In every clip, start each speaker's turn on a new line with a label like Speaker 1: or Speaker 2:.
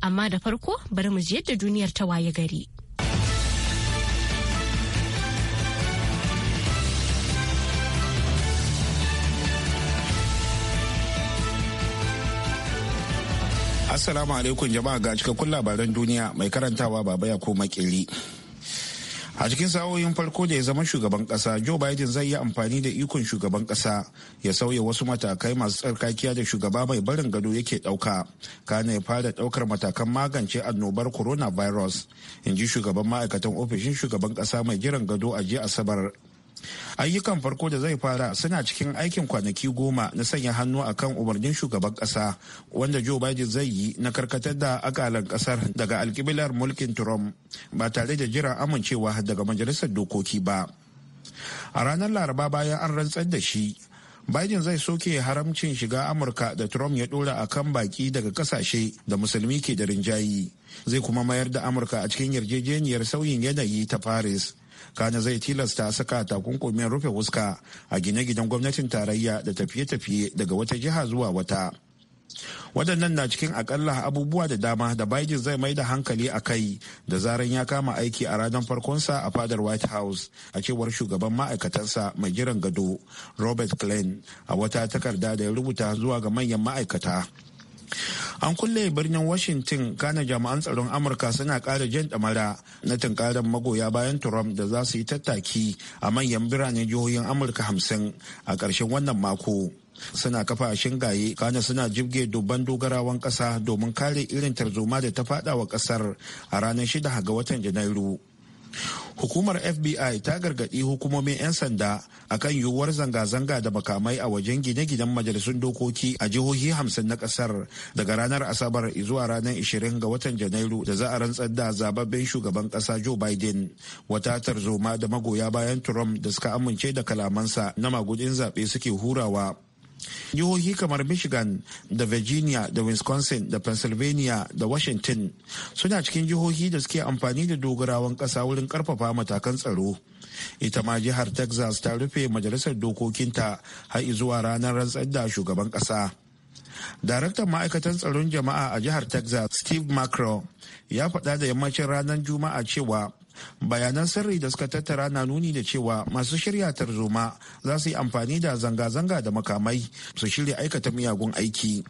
Speaker 1: Amma da farko bari mu ji yadda duniyar ta waye gari.
Speaker 2: Assalamu alaikum jama'a ga cikakkun labaran duniya mai karantawa baba ya koma kiri. a cikin sa'o'in farko da ya zama shugaban kasa joe biden zai yi amfani da ikon shugaban kasa ya sauya wasu matakai masu tsarkakiya da shugaba mai barin gado yake dauka kana ya fara daukar matakan magance annobar coronavirus in ji shugaban ma'aikatan ofishin shugaban kasa mai jiran gado a jiya asabar ayyukan farko da zai fara suna cikin aikin kwanaki goma na sanya hannu a kan umarnin shugaban kasa wanda joe biden zai yi na karkatar da akalan kasar daga alkiblar mulkin trump ba tare da jiran amincewa daga majalisar dokoki ba a ranar laraba bayan an rantsar da shi Biden zai soke haramcin shiga Amurka da Trump ya dora a kan baki daga kasashe da musulmi ke da rinjayi. Zai kuma mayar da Amurka a cikin yarjejeniyar sauyin yanayi ta Paris kana zai tilasta saka takunkumin rufe fuska a gine-ginen gwamnatin tarayya da tafiye-tafiye daga wata jiha zuwa wata waɗannan na cikin akalla abubuwa da dama da biden zai mai da hankali a kai da zaran ya kama aiki a ranar farkonsa a fadar white house a cewar shugaban ma'aikatansa mai jiran gado robert klein a wata takarda da ya rubuta zuwa ga manyan ma'aikata an kulle birnin washington gane jami'an tsaron amurka suna ƙara jan ɗamara na tunkarar magoya bayan trump da za su yi tattaki a manyan biranen jihohin amurka hamsin a ƙarshen wannan mako suna kafa a shingaye kana suna jibge dubban dogarawan kasa domin kare irin tarzoma da ta fada wa ƙasar a ranar 6 ga watan janairu hukumar fbi ta gargaɗi hukumomin 'yan sanda a kan yiwuwar zanga-zanga da makamai a wajen gine-ginen majalisun dokoki a jihohi hamsin na ƙasar daga ranar asabar zuwa ranar 20 ga watan janairu da za a rantsar da zababben shugaban ƙasa joe biden wata tarzoma da magoya bayan trump da suka amince da kalamansa na magudin zaɓe suke hurawa jihohi kamar michigan da virginia da wisconsin da pennsylvania da washington suna cikin jihohi da suke amfani da dogarawan kasa wurin ƙarfafa matakan tsaro ita ma jihar texas ta rufe majalisar dokokinta har zuwa ranar rantsar da shugaban kasa. daraktan ma'aikatan tsaron jama'a a jihar texas steve macro ya faɗa da yammacin ranar juma'a cewa bayanan sirri da suka tattara na nuni da cewa masu shirya tarzoma za su yi amfani da zanga-zanga da makamai su shirya aikata miyagun aiki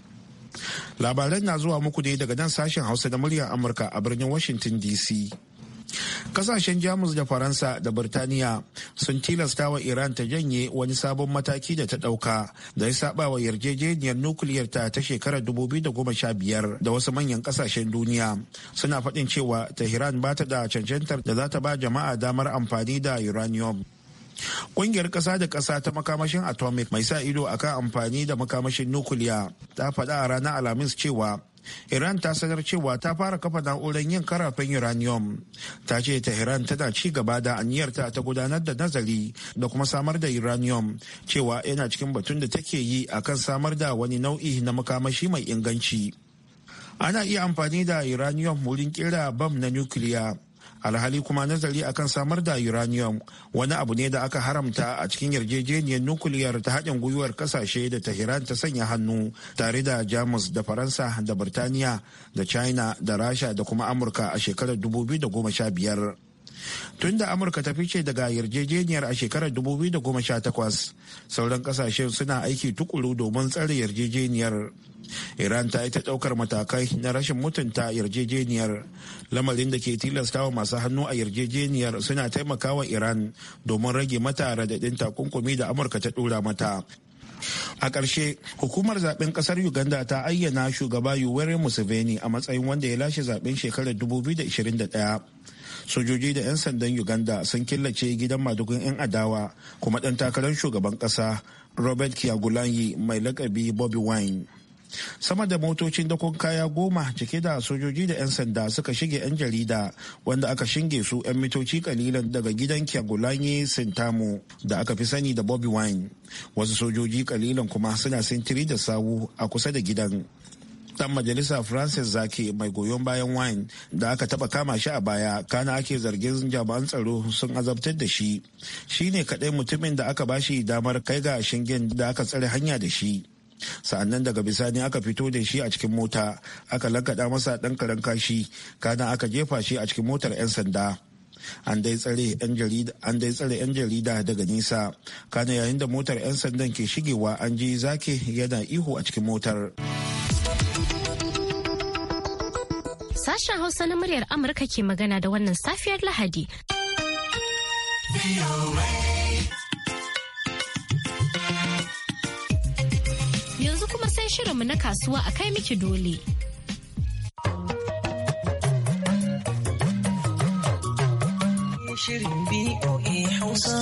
Speaker 2: labaran na zuwa muku ne daga nan sashen hausa da muryar amurka a birnin washington dc kasashen jamus da faransa da birtaniya sun tilasta wa iran ta janye wani sabon mataki da ta dauka da ya saba wa yarjejeniyar nukiliyar ta ta shekarar 2015 da wasu manyan kasashen duniya suna faɗin cewa tehran ba ta da cancantar da za ta ba jama'a damar amfani da uranium Kungiyar ƙasa da ƙasa ta makamashin atomic mai sa ido akan amfani da makamashin nukuliya ta faɗa a ranar alhamis cewa iran ta sanar cewa ta fara kafa na'urar yin karafin uranium ta ce tehran tana ci gaba da aniyarta ta gudanar da nazari da kuma samar da uranium cewa yana cikin batun da take yi akan samar da wani nau'i na makamashi mai inganci ana iya amfani da uranium wurin kira bam na nukiliya alhali kuma nazari akan samar da uranium wani abu ne da aka haramta a cikin yarjejeniyar nukuliyar ta haɗin gwiwar kasashe da tehran ta sanya hannu tare da jamus da faransa da birtaniya da china da rasha da kuma amurka a shekarar 2015 tun da amurka ta fice daga yarjejeniyar a shekarar 2018 sauran kasashen suna aiki tukuru domin tsare yarjejeniyar iran ta yi ta daukar matakai na rashin mutunta yarjejeniyar lamarin da ke tilastawa masu hannu a yarjejeniyar suna taimakawa iran domin rage mata radadin takunkumi da amurka ta dora mata a ƙarshe hukumar zaben ƙasar uganda ta ayyana shugaba yuwere museveni a matsayin wanda ya lashe zaben shekarar 2021 sojoji da 'yan sandan uganda sun killace gidan madugun 'yan adawa kuma ɗan takarar shugaban ƙasa robert kiyagulayi mai lakabi bobby wine sama da motocin dakon kaya goma cike da sojoji da 'yan sanda suka shige 'yan jarida wanda aka shinge su 'yan mitoci kalilan daga gidan kyagulanyi sintamu da aka fi sani da bobby wine wasu sojoji kalilan kuma suna sintiri da sawu a kusa da gidan dan majalisa francis zaki mai goyon bayan wine da aka taba kama shi a baya kana ake zargin jami'an tsaro sun azabtar da shi shi ne kaɗai mutumin da aka bashi damar kai ga shingen da aka tsare hanya da shi sa'annan daga bisani aka fito da shi a cikin mota aka lankada masa ɗan karen kashi kana aka jefa shi a cikin motar 'yan sanda an dai tsare 'yan jarida daga nisa kana yayin da motar 'yan sandan ke shigewa an ji zake yana ihu a cikin motar
Speaker 1: Sashen Hausa na muryar Amurka ke magana da wannan safiyar Lahadi. Yanzu kuma sai shirinmu na kasuwa a kai miki dole.
Speaker 3: Shirin BOA Hausa,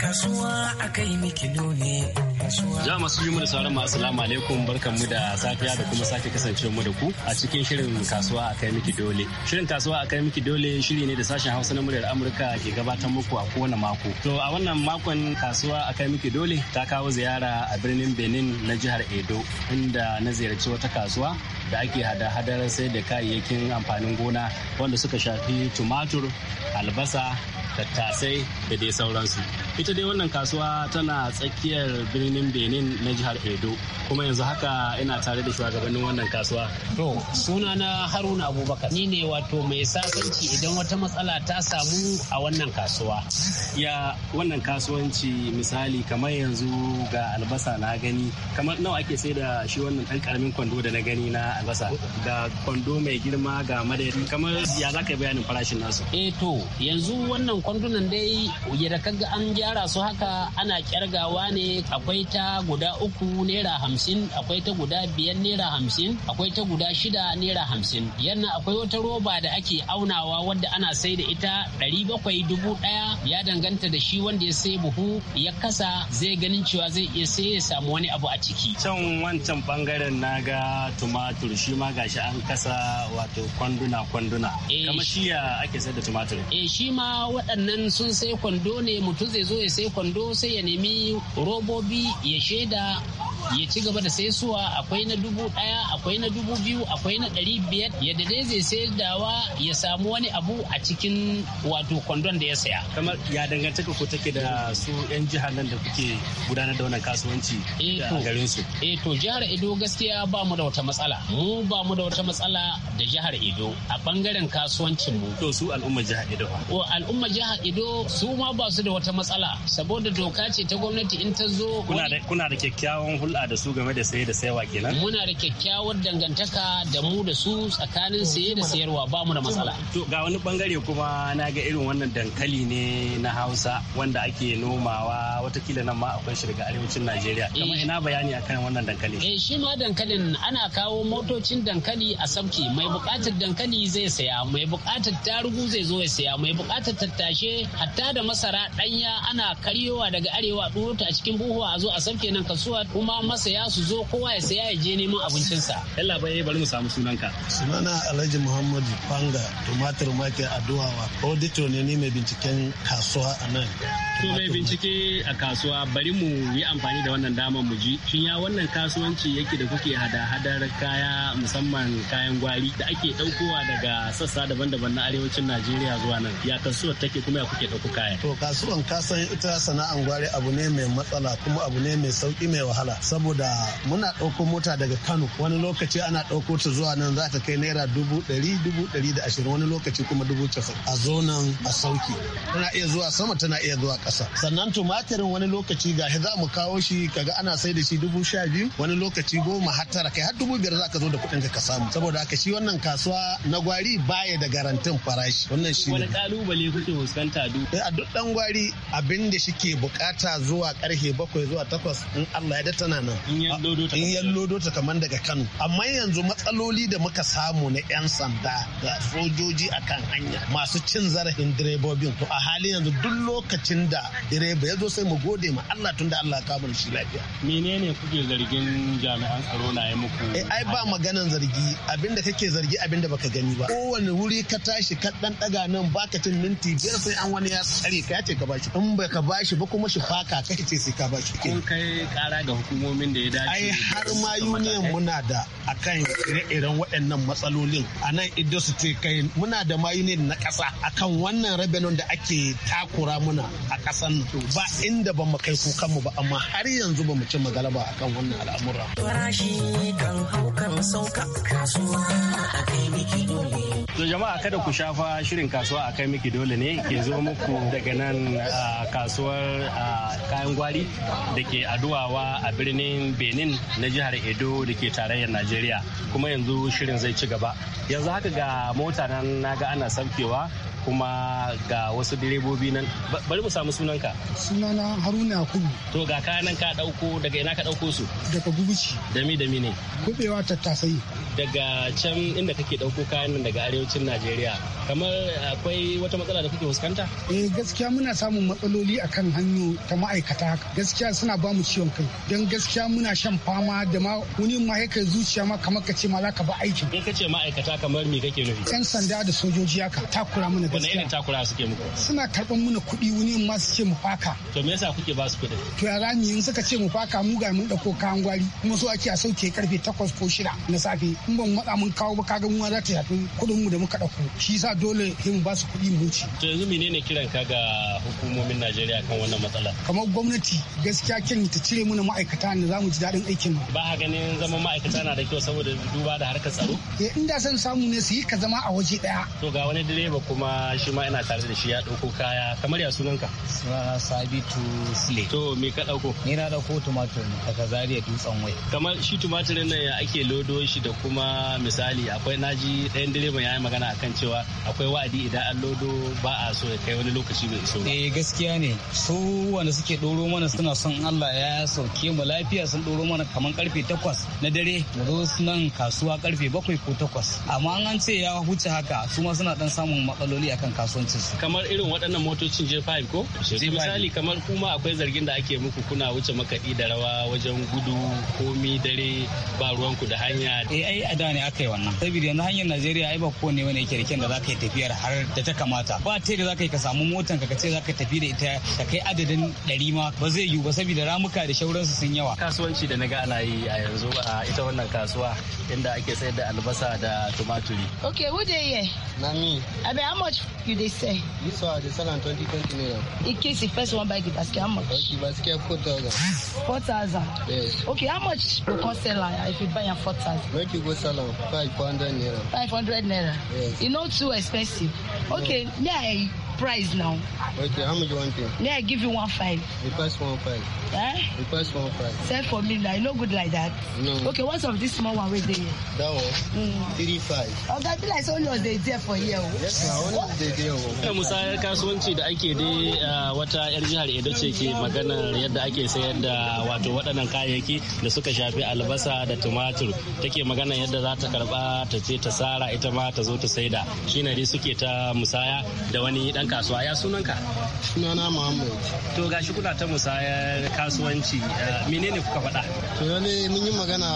Speaker 3: kasuwa a kai miki dole. kasuwa. Za masu yi da sauran masu salamu alaikum mu da safiya da kuma
Speaker 4: sake kasance mu da ku a cikin shirin kasuwa a kai miki dole. Shirin kasuwa a kai miki dole shiri ne da sashen Hausa na muryar Amurka ke gabatar muku a kowane mako. To a wannan makon kasuwa a kai miki dole ta kawo ziyara a birnin Benin na jihar Edo inda na ziyarci wata kasuwa da ake hada-hadar sai da kayayyakin amfanin gona wanda suka shafi tumatur, albasa, tattasai da dai sauransu ita dai wannan kasuwa tana tsakiyar birnin benin na jihar edo kuma yanzu haka ina tare da shugabannin wannan kasuwa to
Speaker 5: suna na haruna abubakar ni ne wato mai sasanci idan wata matsala ta samu a wannan kasuwa
Speaker 4: ya wannan kasuwanci misali kamar yanzu ga albasa na gani kamar nawa ake sai da shi wannan dan karamin kwando da na gani na albasa ga kwando mai girma ga madadi kamar ya za ka bayanin farashin nasu
Speaker 5: eh to yanzu wannan kwandunan dai yadda kaga an gyara su haka ana kyargawa ne akwai ta guda uku naira hamsin akwai ta guda biyar naira hamsin akwai ta guda shida naira hamsin yana akwai wata roba da ake aunawa wadda ana sai da ita ɗari bakwai dubu ɗaya ya danganta da shi wanda ya sai buhu ya kasa zai ganin cewa zai iya sai ya
Speaker 4: samu wani abu a ciki. can wancan bangaren na ga tumatur shi ma gashi an kasa wato kwanduna kwanduna. Eh, kama shi ya ake sai da tumatur. eh
Speaker 5: shi waɗannan sun sai kwando ne mutum zai zo ya sai kwando sai ya nemi robobi ya shaida ya ci gaba da saisuwa akwai na dubu ɗaya akwai na dubu biyu akwai na ɗari biyar yadda dai zai sayar wa ya samu wani abu a cikin wato kwandon da ya saya. kamar ya dangantaka ko take da su 'yan jihar nan da kuke gudanar da wannan kasuwanci eh a garin su. eh to jihar edo gaskiya ba mu da wata matsala mu ba mu da wata matsala da jihar edo a bangaren kasuwancin mu. to su al'umma jihar edo ba. o al'umma jihar edo su ma ba su da wata matsala saboda doka ce ta gwamnati in ta zo.
Speaker 4: kuna da kyakkyawan hulɗa hulɗa da su game da saye da sayarwa kenan muna
Speaker 5: da kyakkyawar dangantaka da mu da su tsakanin saye da sayarwa ba mu da matsala
Speaker 4: to ga wani bangare kuma na ga irin wannan dankali ne na Hausa wanda ake nomawa watakila nan ma akwai shi daga arewacin Najeriya eh. kamar ina bayani akan wannan dankali
Speaker 5: eh shi ma dankalin ana kawo motocin dankali a sabki mai buƙatar dankali zai saya mai buƙatar tarugu zai zo ya saya mai buƙatar tattashe hatta da masara ɗanya ana karyowa daga arewa ɗoro a cikin buhuwa a zo a sabke nan kasuwa kuma masa ya su zo kowa ya saya ya je neman abincinsa.
Speaker 4: Yalla bai bari mu samu sunanka.
Speaker 6: Sunana Alhaji Muhammad Fanga tumatir market Aduwawa. Auditor ne ne mai binciken kasuwa a nan. To mai
Speaker 4: bincike a kasuwa bari mu yi amfani da wannan damar mu ji shin ya wannan kasuwanci yake da kuke hada-hadar kaya musamman kayan gwari da ake daukowa daga sassa daban-daban na arewacin Najeriya zuwa nan ya kasuwar take kuma ya kuke dauko kaya.
Speaker 6: To kasuwan kasan ita sana'an gwari abu ne mai matsala kuma abu ne mai sauki mai wahala. saboda muna ɗauko mota daga kano wani lokaci ana ɗauko ta zuwa nan za ta kai naira dubu ɗari dubu ɗari da ashirin wani lokaci kuma dubu casa'in a zo nan a sauki tana iya zuwa sama tana iya zuwa ƙasa sannan tumatirin wani lokaci ga za mu kawo shi kaga ana sai da shi dubu sha biyu wani lokaci goma har tara kai har dubu biyar za ka zo da kuɗin ka samu saboda haka shi wannan kasuwa na gwari baya da garantin farashi wannan shi wani
Speaker 4: ƙalubale kuke fuskanta
Speaker 6: duk eh, a duk ɗan gwari abin da shike bukata zuwa karfe bakwai zuwa takwas in Allah ya da tana nan in yan lodota ah, kamar daga kano amma yanzu matsaloli da muka samu na yan sanda da sojoji a kan hanya masu cin zarafin direbobin to a halin yanzu duk lokacin da direba ya zo sai mu gode ma Allah tun da Allah ka shi lafiya
Speaker 4: menene kuke zargin jami'an tsaro na yi muku eh, ai ba maganan
Speaker 6: zargi abinda kake zargi abinda baka gani ba kowane wuri ka tashi ka dan daga nan baka cin minti biyar sai an wani ya tsare ka ya ce ka bashi in baka bashi ba kuma shi faka kai ce sai ka bashi kun kai
Speaker 4: kara ga hukumomi kalmomin da ya dace ai har ma
Speaker 6: union muna da akan ire-iren waɗannan matsalolin a nan idan su ce kai muna da ma union na ƙasa akan wannan rabenon da ake takura muna a ƙasan ba inda ba mu kai kukan mu ba amma har yanzu ba mu ci magalaba akan wannan al'amura
Speaker 3: farashi kan hau kan sauka kasuwa a kai miki dole
Speaker 4: To jama'a kada ku shafa shirin kasuwa a kai miki dole ne ke zo muku daga nan kasuwar kayan gwari da ke aduwawa a birnin birnin benin na jihar edo da ke tarayyar nigeria kuma yanzu shirin zai ci gaba yanzu haka ga mota nan naga ana saukewa kuma ga wasu direbobi nan bari mu samu sunanka
Speaker 6: sunana haruna kudu
Speaker 4: to ga kayanan ka dauko daga ina ka dauko su daga bubuci dami dami ne
Speaker 6: kubewa tattasai
Speaker 4: daga can inda kake dauko kayan nan daga arewacin najeriya kamar akwai wata matsala da kuke fuskanta
Speaker 6: eh gaskiya muna samun matsaloli akan hanyo ta ma'aikata haka gaskiya suna bamu ciwon kai don gaskiya muna shan fama da ma wani ma yake zuciya ma kamar ka ce ma za ka ba aikin Kai ka
Speaker 4: ce ma'aikata kamar me kake nufi
Speaker 6: yan sanda da sojoji haka takura mana
Speaker 4: gaskiya wani irin takura suke muku
Speaker 6: suna karban mana kuɗi wani ma su ce mu faka
Speaker 4: to me yasa kuke ba su kuɗin
Speaker 6: to ya rami in suka ce mu faka mu ga mun dauko kayan gwari kuma so ake a sauke karfe takwas ko shida na safe in ban matsa mun kawo ba kaga mu za ta shafi kuɗin mu da muka dauko shi yasa dole in mu ba su kuɗi mu wuce.
Speaker 4: To yanzu menene kiran ka ga hukumomin Najeriya kan wannan matsala?
Speaker 6: Kamar gwamnati gaskiya kin ta cire mana ma'aikata ne za mu ji daɗin aikin mu. Ba a
Speaker 4: ganin zaman ma'aikata na da kyau saboda duba da harkar tsaro?
Speaker 6: Eh inda son samu ne su yi ka zama a waje daya.
Speaker 4: To ga wani direba kuma shi ma ina tare da shi ya ɗauko kaya kamar ya sunan ka. Sunana Sabitu Sule. To me ka ɗauko? Ni na ɗauko tumatir
Speaker 5: ne daga Zaria dutsen wai.
Speaker 4: Kamar shi tumatirin nan ya ake lodo shi da kuma misali akwai naji ɗayan direban ya yi magana akan cewa akwai wa'adi idan an lodo ba a so ya kai wani lokaci bai iso eh, gaskiya ne su wanda suke doro mana suna son Allah ya sauke mu lafiya sun doro mana kamar karfe 8 na dare mu zo nan kasuwa karfe 7 ko 8
Speaker 5: amma an an ce ya wuce haka su ma suna dan samun matsaloli akan kasuwancin su
Speaker 4: kamar irin waɗannan motocin J5 ko misali kamar kuma akwai zargin da ake muku kuna wuce makaɗi da rawa wajen gudu komi dare ba ruwanku da hanya eh ai a da ne aka yi wannan saboda
Speaker 5: yanzu hanyar Najeriya ai ba kowane wani yake da da zaka yi tafiyar har da ta kamata ba ta da za ka yi ka samu motan ka ce za ka tafi da ita ta kai adadin ɗari ma ba zai yiwu ba saboda ramuka da shauransu sun
Speaker 4: yawa kasuwanci da na ga ana yi a yanzu a ita wannan kasuwa inda ake sayar da albasa da
Speaker 7: tumaturi okay who dey here na me abi how much you dey sell this one dey sell am twenty twenty naira in case the
Speaker 3: first one buy the basket how much okay
Speaker 7: basket four thousand four thousand yes okay how much you cost sell am if you buy am four thousand make you go sell am five hundred naira
Speaker 5: five hundred naira yes e no too expensive expensive okay ya i price now.
Speaker 7: Okay, how much you want to?
Speaker 5: May I give you one five?
Speaker 7: Request one five. Eh? Request one five.
Speaker 5: Sell for me now. No good like that. No. Okay, what's of this small one with there? That one. Mm. Three five. Okay, I like so long they there for you. Yes, now only
Speaker 6: what?
Speaker 4: they there. Ina eh, musayar kasuwanci da ake dai eh, wata yar jihar Edo ce ke magana yadda ake sayar da wato waɗannan kayayyaki da suka shafi albasa da tumatur take magana yadda za ta karba ta ce ta sara ita ma ta zo ta saida shine dai suke ta musaya da wani dan dan kasuwa ya sunanka sunana muhammad to gashi kuna ta musayar kasuwanci eh, menene
Speaker 7: kuka faɗa to lalle mun yi magana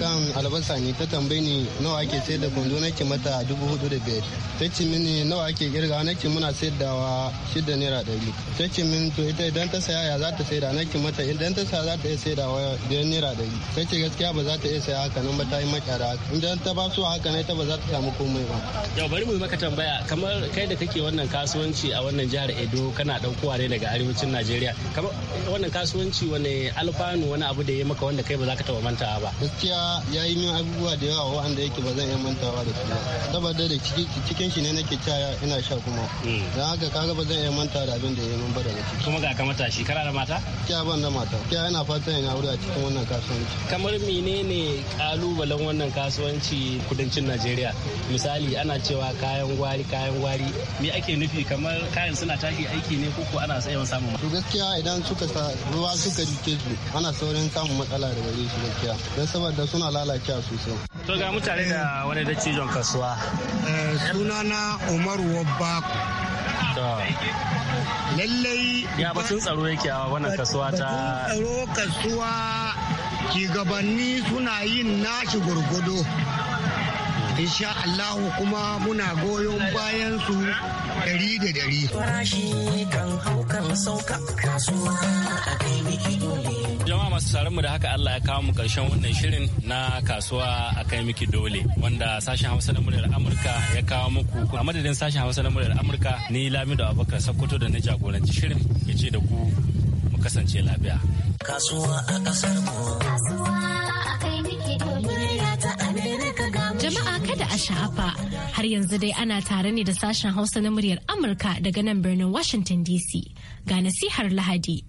Speaker 7: kan albasa ne ta tambaye ni nawa ake sayar da kwando nake mata dubu hudu da biyar ta ce mini nawa ake girgawa nake muna sayar da wa shida naira ɗari ta ce min to ita idan ta saya ya za ta sayar da nake mata idan ta saya za ta iya sayar da wa biyar naira ɗari ta ce gaskiya ba za ta iya saya haka nan ba ta yi makyara haka idan ta ba su haka ne ta ba za ta samu komai ba
Speaker 4: yau bari mu yi maka tambaya kamar kai da kake wannan kasuwanci kasuwanci a wannan jihar edo kana ɗaukowa ne daga arewacin najeriya kamar wannan kasuwanci wani alfanu wani abu da
Speaker 7: ya maka wanda kai ba za ka taɓa mantawa ba gaskiya ya yi min abubuwa da yawa wanda yake ba zan iya mantawa da su ba saboda da cikin shi ne nake caya ina sha kuma hmm. don haka kaga ba zan iya manta da abin da ya yi min ba daga ciki kuma ga ka matashi kana da mata kiya ban da mata kiya ina fatan ina aure a cikin wannan kasuwanci
Speaker 4: kamar menene kalubalen wannan kasuwanci kudancin najeriya misali ana cewa kayan gwari kayan gwari me ake nufi kamar kamar kayan suna tashi
Speaker 7: aiki ne ko ko ana yawan samun to gaskiya idan suka sa ruwa suka jike su ana saurin samun matsala da wani su gaskiya don saboda suna lalacewa sosai
Speaker 4: to ga mutane da wani dattijon kasuwa
Speaker 8: eh, Suna na Umar wabba lallai
Speaker 4: ya sun tsaro yake a wannan kasuwa ta tsaro
Speaker 8: kasuwa shugabanni suna yin nashi gurgudu insha Allah kuma muna goyon bayan su dari da dari
Speaker 4: jama'a masu sauraron mu da haka Allah ya kawo mu karshen wannan shirin na kasuwa a kai miki dole wanda sashen Hausa na muryar Amurka ya kawo muku a madadin sashen Hausa na muryar Amurka ni Lamido Abubakar Sokoto da na jagoranci shirin ya ce da ku mu kasance lafiya
Speaker 8: kasuwa a kasar
Speaker 1: mu shafa sha'afa har yanzu dai ana tare ne da sashen hausa na muryar amurka daga nan birnin washington dc ga nasihar lahadi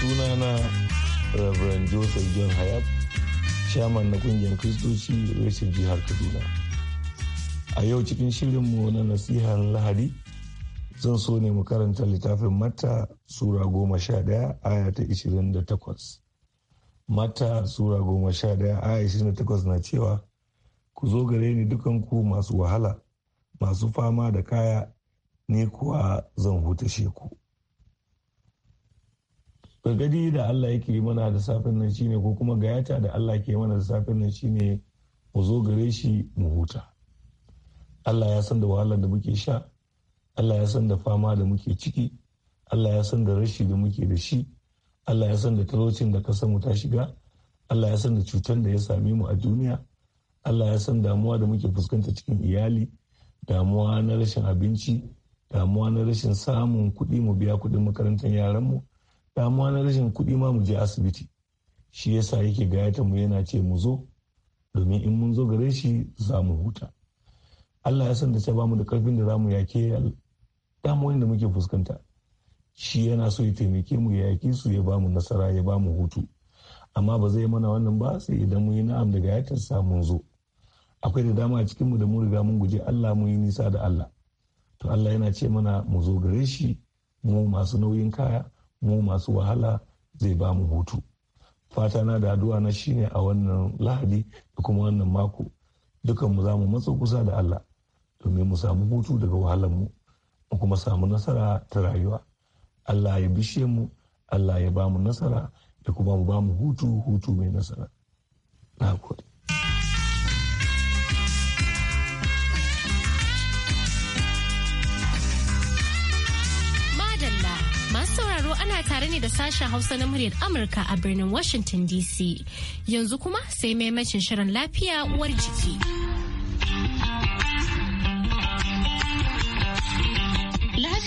Speaker 9: sunana Reverend Joseph John Hayat, shaman na kungiyar Kristoci rashin jihar Kaduna. A yau cikin shirinmu na nasihar Lahadi zan so ne mu karanta littafin mata sura goma sha daya aya ta ishirin da takwas mata sura goma sha daya aya ishirin da takwas na cewa ku zo gare ni dukan ku masu wahala masu fama da kaya ne kuwa zan huta ku gargadi da Allah yake mana da safin nan shine ko kuma gayata da Allah ke mana da safin nan shine mu zo gare shi mu huta Allah ya san da wahalar da muke sha Allah ya san da fama da muke ciki Allah ya san da rashi da muke da shi Allah ya san da talaucin da kasar mu ta shiga Allah ya san da cutar da ya same mu a duniya Allah ya san damuwa da muke fuskanta cikin iyali damuwa na rashin abinci damuwa na rashin samun kuɗi mu biya kuɗin makarantar yaran mu damuwa na rashin kuɗi ma mu je asibiti shi yasa yake gayata mu yana ce mu zo domin in mun zo gare shi za mu huta Allah ya san da ce ba mu da karfin da za mu yake damuwan da muke fuskanta shi yana so ya taimake mu ya yaki su ya bamu nasara ya bamu hutu amma ba zai mana wannan ba sai idan mun yi na'am daga yatar samun zo akwai da dama a cikin mu da mu riga mun guje Allah mun yi nisa da Allah to Allah yana ce mana mu zo gare shi mu masu nauyin kaya mu masu wahala zai ba mu hutu fata na da addu'a na shine a wannan lahadi da kuma wannan mako dukan mu za mu matso kusa da Allah domin mu samu hutu daga wahalar mu mu kuma samu nasara ta rayuwa Allah ya bishe mu Allah ya ba mu nasara da kuma mu ba mu hutu hutu mai nasara na gode
Speaker 1: Masu sauraro ana tare ne da sashen Hausa na muryar Amurka a birnin Washington DC. Yanzu kuma sai maimacin shirin lafiya uwar jiki.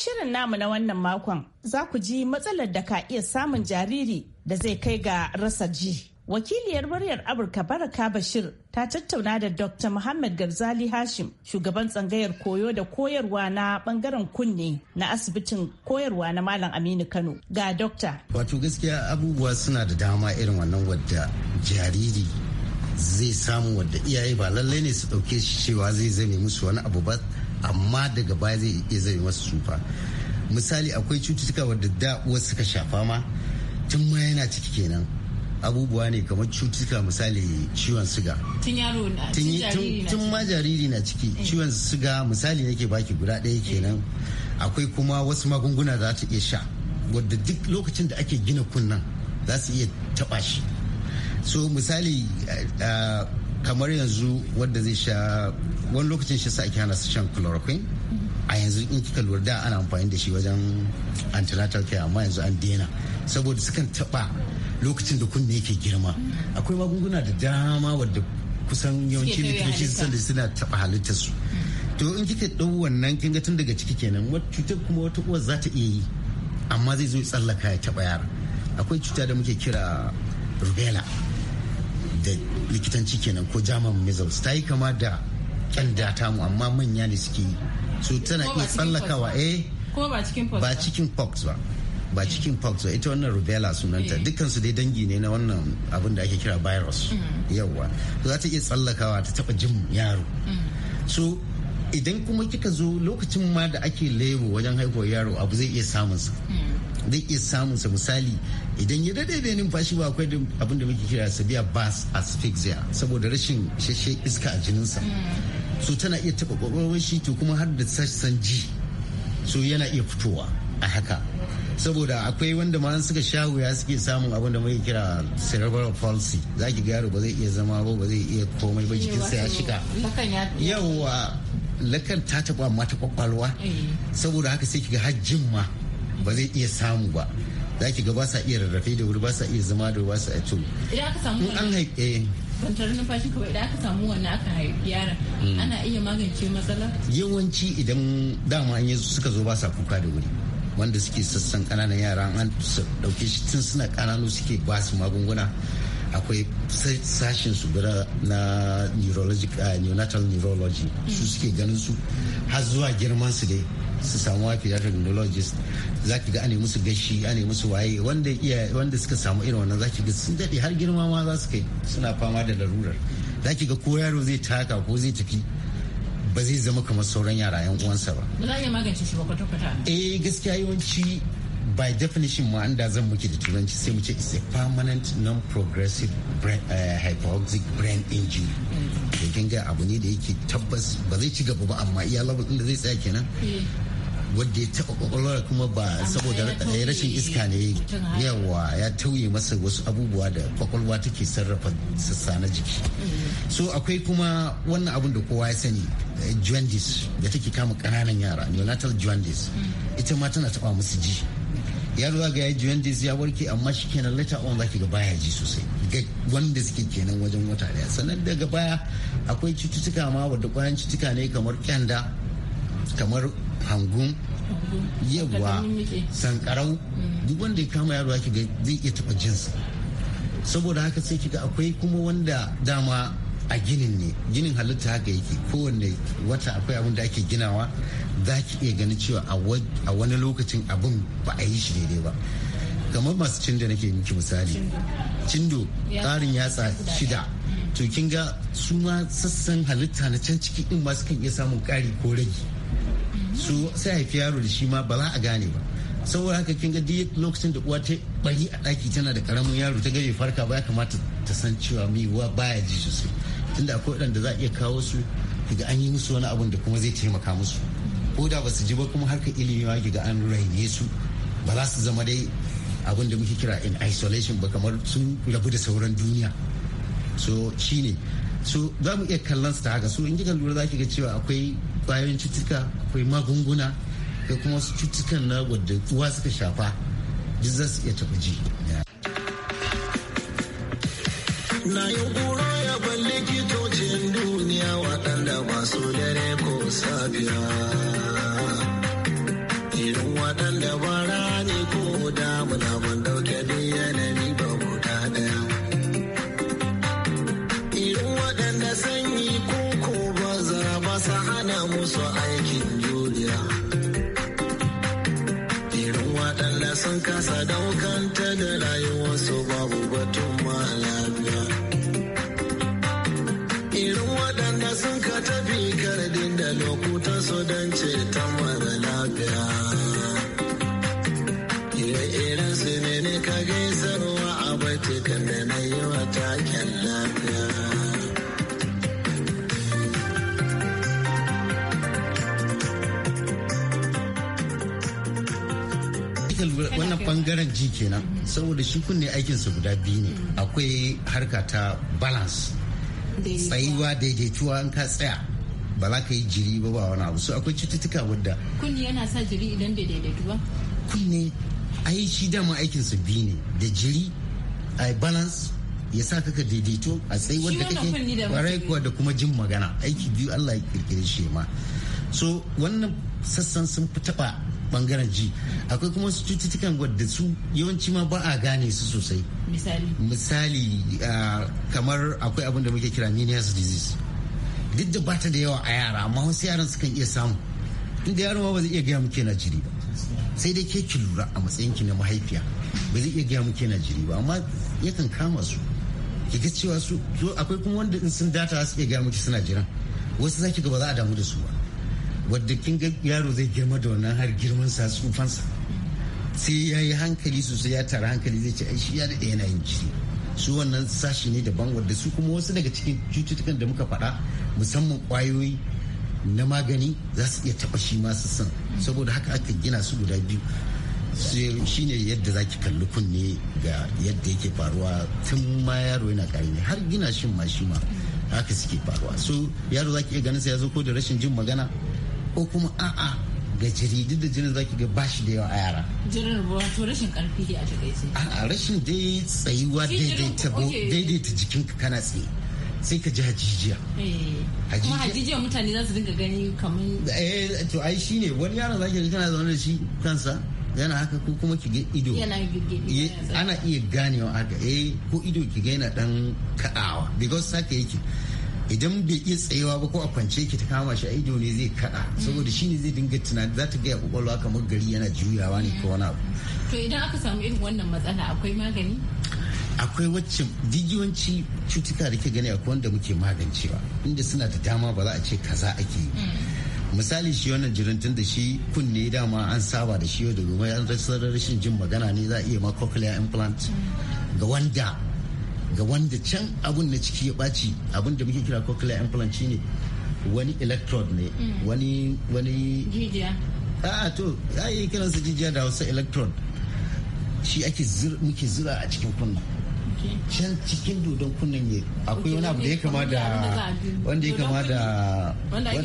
Speaker 3: shirin namu na wannan makon za ku ji matsalar da ka iya samun jariri da zai kai ga rasa ji. Wakiliyar muryar Amurka Baraka Bashir ta tattauna da Dr. Muhammad Garzali Hashim, shugaban tsangayar koyo da koyarwa na bangaren kunne na asibitin koyarwa na Malam Aminu Kano ga Dokta.
Speaker 8: Wato gaskiya abubuwa suna da dama irin wannan wadda jariri zai samu wadda iyaye ba lallai ne su ɗauke shi cewa zai zame musu wani abu ba amma daga baya zai iya zai masu tsufa misali akwai cututtuka wadda da wasu suka shafa ma tun ma yana ciki kenan abubuwa ne kamar cututtuka misali ciwon suga
Speaker 5: tun yaro na tun ma
Speaker 8: jariri na ciki eh. ciwon suga misali nake baki guda ɗaya eh. kenan akwai kuma wasu magunguna za ta iya sha wadda duk lokacin da ake gina kunnan za su iya taɓa shi so misali eh, kamar yanzu wanda zai sha wani lokacin shi sa ake hana su shan chloroquine a yanzu in kika lura da ana amfani da shi wajen antenatal care amma yanzu an daina saboda sukan taba lokacin da kunne yake girma akwai magunguna da dama wadda kusan yawancin likitoci sun suna taba halittar su to in kika dau wannan kin tun daga ciki kenan wata cuta kuma wata uwar za ta iya yi amma zai zo tsallaka ya taba yara akwai cuta da muke kira rubella da likitanci kenan ko german measles ta yi kama da kyanda ta mu amma manya ne suke yi so tana iya tsallakawa eh
Speaker 3: ba cikin
Speaker 8: pox ba ba cikin pox ba eh. ita wannan rubella sunanta eh. dukkansu dai dangi ne na wannan abin da ake kira virus mm-hmm. yawwa za ta iya tsallakawa ta taba jin yaro mm-hmm. so idan kuma kika zo lokacin ma da ake lebo wajen haihuwar yaro abu zai iya samunsa mm. zai iya samunsa misali idan ya dade da numfashi ba akwai abin da muke kira severe bas asphyxia saboda rashin isasshen iska a jininsa hmm. so tana iya taba kwakwalwar shi to kuma har da sassan ji so yana iya fitowa a haka saboda akwai wanda ma suka sha wuya suke samun abin da muke kira cerebral palsy za ki ga yaro ba zai iya zama ba ba zai iya komai ba jikinsa ya shiga yawa lakan ta taba mata kwakwalwa eh. saboda haka sai ki ga hajjin ma ba zai iya samu ba za ki ga ba sa iya rarrafe da wuri ba sa iya zama da ba sa to
Speaker 3: idan aka samu an haife kwantar eh. kawai idan aka samu wannan aka haifi yaron hmm. ana iya magance matsala
Speaker 8: yawanci idan dama an suka zo ba sa kuka da wuri wanda suke sassan kananan yara an dauke shi tun suna kananu suke ba su magunguna akwai sashen su bira na ah, neonatal neurology su suke ganin su har zuwa girman su dai su samu pediatric neurologist za ki ga ane musu gashi ane musu waye wanda iya wanda suka samu irin wannan za ki ga sun daɗe har girma ma za su kai suna fama da larurar za ki ga ko yaro zai taka ko zai tafi ba zai zama kamar sauran yara yan uwansa ba.
Speaker 1: Ba za a iya magance shi ba kwata-kwata.
Speaker 8: Eh gaskiya yawanci by definition ma da zan muke da turanci sai mu ce is a permanent non-progressive brain, uh, hypoxic brain injury da mm. kin ga abu ne da yake tabbas ba zai ci gaba ba amma iya labar inda zai tsaya kenan eh. wadda ya taɓa kwakwalwar kuma ba saboda rashin iska ne yawa ya tauye masa wasu abubuwa da kwakwalwa take sarrafa sassa na jiki
Speaker 3: mm-hmm.
Speaker 8: so akwai kuma wannan abun da kowa ya sani eh, jaundice da take kama ƙananan yara neonatal jaundice mm-hmm. ita ma tana taɓa musu ji yaro ga ya jaundice ya warke amma shi kenan later on zaki ga baya ji sosai ga wanda suke kenan wajen wata daya sannan daga baya akwai cututtuka ma wadda kwayan cututtuka ne kamar kyanda kamar hangun yawa sankarau mm. duk wanda ya kama yaro ake ga zai iya taba jinsa saboda haka sai kiga akwai kuma wanda dama a ginin ne ginin halitta haka yake kowanne wata akwai abin da ake ginawa za ki iya ganin cewa a wani lokacin abin ba a yi shi daidai ba kamar masu cindo nake miki misali cindo tsarin yatsa shida to kinga su ma sassan halitta na can ciki in ma sukan iya samun ƙari ko ragi. su sai haifi yaro da shi ma ba za a gane ba saboda haka kin ga duk lokacin da uwa ta bari a daki tana da karamin yaro ta gaje farka ba ya kamata ta san cewa mai uwa baya ji sosai tunda akwai waɗanda za a iya kawo su daga an yi musu wani abun da kuma zai taimaka musu ko da ba su ji ba kuma harkar ilimi ma ga an raine su ba za su zama dai abin da muke kira in isolation ba kamar sun rabu da sauran duniya so shine so za mu iya kallon su ta haka so in kika lura za ki ga cewa akwai kwayoyin cutuka akwai magunguna da kuma wasu cutukan na wadda uwa suka shafa jesus ya tafi ji.
Speaker 7: Na yi ƙura ya ban likitocin duniya waɗanda ba su dare ko safiya. sadaukanta ta da rayuwarsu babu batun
Speaker 8: bangaren ji kenan saboda shi kunne aikinsa guda biyu ne akwai harka ta balance tsayuwa daidaituwa an ka tsaya ba za ka yi jiri ba ba wani abu so akwai cututtuka wadda
Speaker 3: kunne yana sa jiri idan bai daidaitu ba kunne
Speaker 8: ai shi dama aikinsa biyu ne da jiri a balance ya sa kaka daidaito a tsayi wanda kake kwarai kuwa da kuma jin magana aiki biyu Allah ya kirkire shi ma so wannan sassan sun fi taba bangaren ji akwai kuma su cututtukan wadda su yawanci ma ba a gane su sosai misali ah, kamar akwai abin da muke kira menias disease duk da bata da yawa a yara amma wasu yaran sukan iya samu inda yaro ba zai iya gaya muke na jiri ba sai dai ke ki lura a matsayin ki na mahaifiya ba zai iya gaya muke na jiri ba amma yakan kama su ki ga cewa su akwai kuma wanda in sun data su iya gaya muke suna jiran wasu zaki ga ba za a damu da su ba wadda kin ga yaro zai girma da wannan har girman sa tsufansa sai ya yi hankali sosai ya tara hankali zai ce aishi shi ya daɗa yana yin jiri su wannan sashi ne daban wadda su kuma wasu daga cikin cututtukan da muka faɗa musamman ƙwayoyi na magani za su iya taɓa shi masu san saboda haka aka gina su guda biyu shi ne yadda za ki kalli kunne ga yadda yake faruwa tun ma yaro yana ƙarami har gina shin ma shi ma haka suke faruwa so yaro za ki iya ganin sa ya zo ko da rashin jin magana ko kuma a'a ga jaridu da jinin zaki ga bashi da yawa a yara
Speaker 5: jinin ruwa to rashin karfi a takaice
Speaker 8: a'a rashin dai tsayuwa daidaita jikinka kana tsaye sai ka ji hajijiya.
Speaker 5: Eh, kuma hajijiya mutane za su dinga gani kamar.
Speaker 8: Eh to ai shi ne wani yaron za ki kana zaune da shi kansa yana haka ko kuma ki ga ido. Yana Ana iya ganewa haka eh ko ido ki ga yana dan kaɗawa because sake yake. idan bai iya tsayewa ba ko a kwance ki ta kama shi a ido ne zai kada saboda shine zai dinga tunani za ta gaya kwakwalwa kamar gari yana juyawa ne ko wani abu
Speaker 1: to idan aka samu irin wannan matsala akwai magani
Speaker 8: akwai wacce jijiyoyinci cutuka da ke gani akwai wanda muke magancewa inda suna da dama ba za a ce kaza ake yi hmm. misali shi wannan jirintun da shi kunne dama an saba da shi yau da gobe an rashin jin magana ne za a iya ma cochlear implant hmm. ga wanda ga wanda can abun na ciki ya ɓaci abun da muke kira cochlear implant ne wani electrode ne mm. wani wani jijiya a'a to yi kiransa jijiya da hausa electrode shi ake muke zira a cikin kunna can cikin dodon kunnen ne akwai wani abu da ya kama da wanda ya kama da wanda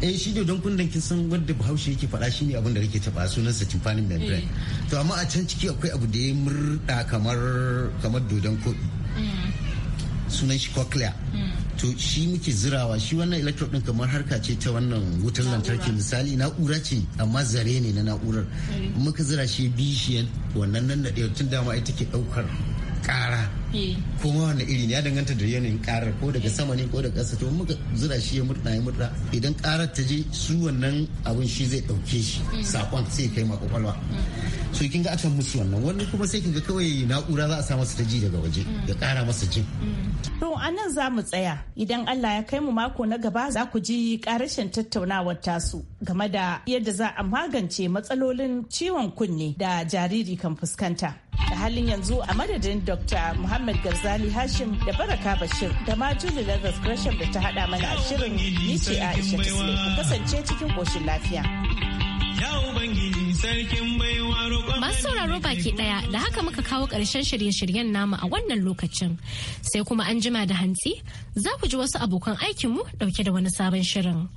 Speaker 8: eh shi dodon kunnen kin san wanda bahaushe yake faɗa shine abin da rike taba sunan sa tympanic membrane eh. to amma a can ciki akwai abu da ya murda kamar kamar dodon koɗi mm. sunan shi cochlea mm. to shi muke zirawa shi wannan electrode din kamar harka ce ta wannan wutar lantarki misali na'ura ce amma zare ne na na'urar muka zira shi bishiyan wannan nan da tun dama ita ke daukar ƙara eh. kuma wani iri ne ya danganta da yanayin kara ko daga sama ne ko daga ƙasa to muka zura shi ya murna ya murna idan ƙarar ta je su wannan abin shi zai ɗauke shi mm. sakon sai kai ma kwakwalwa mm. so kin ga aka musu wannan wani kuma sai kin ga kawai na'ura za a sa masa ta ji daga waje mm. ya ƙara masa jin.
Speaker 3: to a nan za mu tsaya idan Allah ya kai mu mako na gaba za ku ji ƙarashin tattaunawar tasu game da yadda za a magance matsalolin ciwon kunne da jariri kan fuskanta. da halin yanzu a madadin Dr. Muhammad Garzali Hashim da Baraka Bashir da ma Julie Lazarus Gresham da ta hada mana shirin ni ce Aisha Tisle kasance cikin koshin lafiya.
Speaker 9: Masu
Speaker 1: sauraro baki ɗaya da haka muka kawo ƙarshen shirye-shiryen nama a wannan lokacin sai kuma an jima da hantsi za ku ji wasu abokan aikinmu ɗauke da wani sabon shirin.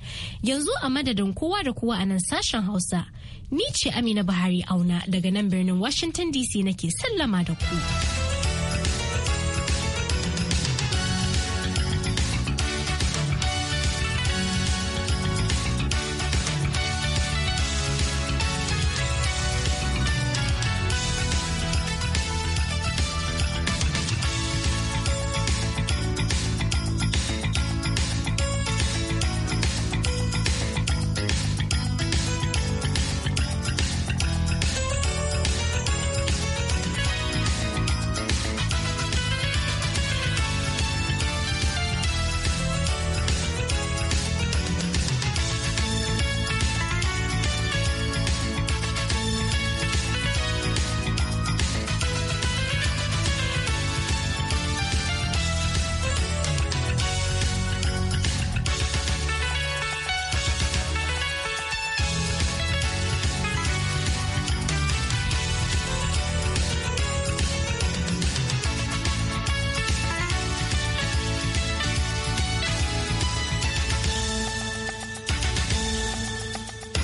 Speaker 1: Yanzu a madadin kowa da kowa a nan sashen Hausa. Ni ce Amina Buhari auna daga nan birnin Washington DC nake sallama da ku.